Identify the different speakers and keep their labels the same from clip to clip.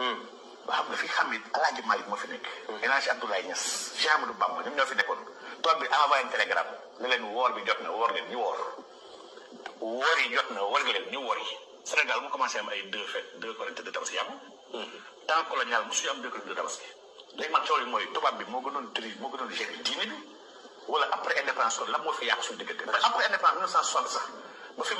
Speaker 1: ba xam nga fi xam ni El Hadj Malick moo fi nekk. Mm-hmm. El Hadj Abdoulaye Niass. Cheikh Amadou Bamba ñoom bi envoyé télégramme ne leen bi jot na woor leen ñu woor woor yi jot na woor leen ñu woor yi. Sénégal mu commencé am ay mm-hmm. yi mooy tubaab bi moo moo gënoon gérer diine bi wala la moo fi yàq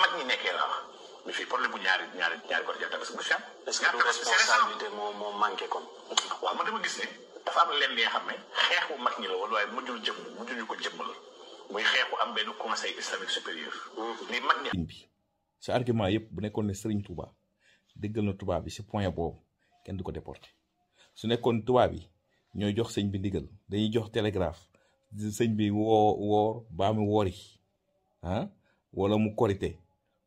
Speaker 1: mag ñi nekkee laa wax. mais fii problème bu ñaari ñaari ñaari côté jafe-jafe bu que responsabilité moo moo manqué kon. waaw man dama gis ne dafa am lenn yoo xam ne xeexu mag ñi la woon waaye mujjul jëm mujjuñu ko jëmmal muy xeexu am benn conseil islamique supérieur. Mhm. ni mag
Speaker 2: ñi. bi sa argument yëpp bu nekkoon ne Serigne Touba déggal na tubaab bi si point boobu kenn du ko déporté su nekkoon tubaab yi ñooy jox sëñ bi ndigal dañuy jox télégraphe sëñ bi woo woor baa mu woori ah wala mu korité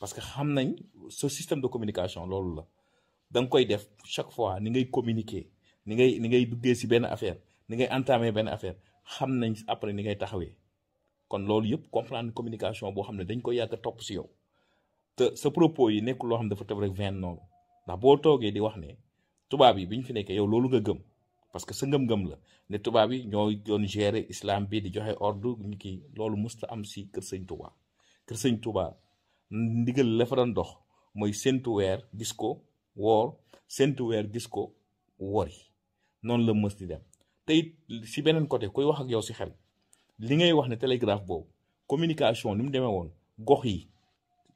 Speaker 2: parce que xam ce système de communication loolu la dang koy def chaque fois ni ngay communiquer ni ngay ni ngay duggé ci ben affaire ni ngay entamer ben affaire xam après ni ngay taxawé kon loolu yëpp comprendre communication bo xam dañ koy yàgg top ci yow te ce propos yi nek lo xam dafa tëb rek vingt noonu ndax bo togué di wax né touba bi biñ fi nekkee yow loolu nga gëm parce que sa ngëm-ngëm la né touba bi ñoy doon gérer islam bi di joxé ordre ñu ki loolu musta am ci kër seigne Touba kër seigne Touba. ndigal la fa dox mooy séntu weer gis ko woor séntu weer gis ko wori noonu la mës di dem tey it si beneen côté kuy wax ak yow si xel li ngay wax ne télégraphe boobu communication li mu demee woon gox yi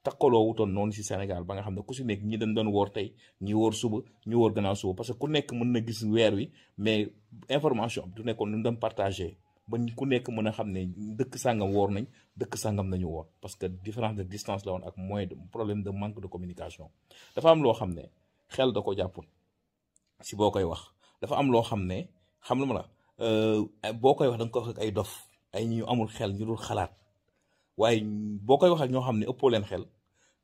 Speaker 2: takkaloo wutoon noonu si Sénégal ba nga xam ne ku si nekk ñi dañ doon woor tey ñi woor suba ñi woor gannaaw suba parce que ku nekk mën na gis weer wi mais information bi du nekkoon ni mu doon partagé ba ku nekk mën a xam ne dëkk sàngam woor nañ dëkk sàngam nañu woor parce que différence de distance la woon ak moyen de problème de manque de communication dafa am loo xam ne xel da ko jàppul si boo koy wax dafa am loo xam ne xam lu ma la euh, boo koy wax da nga koy ak ay dof ay ñu amul xel ñu dul xalaat waaye boo koy wax ak ñoo xam ne ëppoo leen xel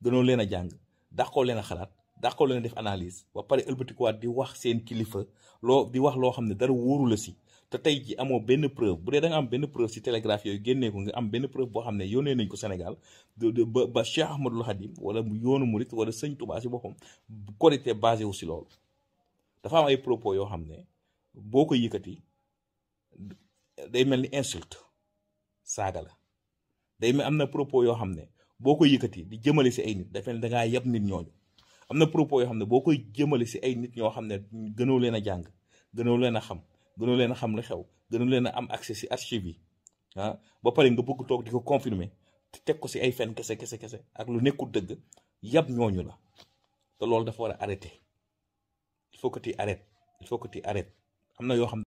Speaker 2: gënoo leen a jàng dàqoo leen a xalaat dàqoo leen a def analyse ba pare ëlbatikuwaat di wax seen kilifa loo di wax loo xam ne dara wóoru la si te tey ji amoo benn preuve bu dee da am benn preuve si télégraphe yooyu génnee ko nga am benn preuve boo xam ne yónnee nañ ko Sénégal ba ba Cheikh Ahmadoul Khadim wala yoonu Murit wala sëñ Touba si boppam korité basé wu si loolu dafa am ay propos yoo xam ne boo ko yëkkati day mel ni insulte saaga la day mel am na propos yoo xam ne boo ko yëkkati di jëmale si ay nit dafa ne da yab nit ñooñu am na propos yoo xam ne boo koy jëmale si ay nit ñoo xam ne gënoo leen a jàng gënoo leen a xam. gënoo leen a xam li xew gënoo leen a am accès si archive yi ah ba pare nga bëgg toog di ko confirmer te teg ko si ay fen kese kese kese ak lu nekkul dëgg yab ñooñu la te loolu dafa war a arrêté il faut que tu arrêtes il faut que tu arrêtes am na yoo xam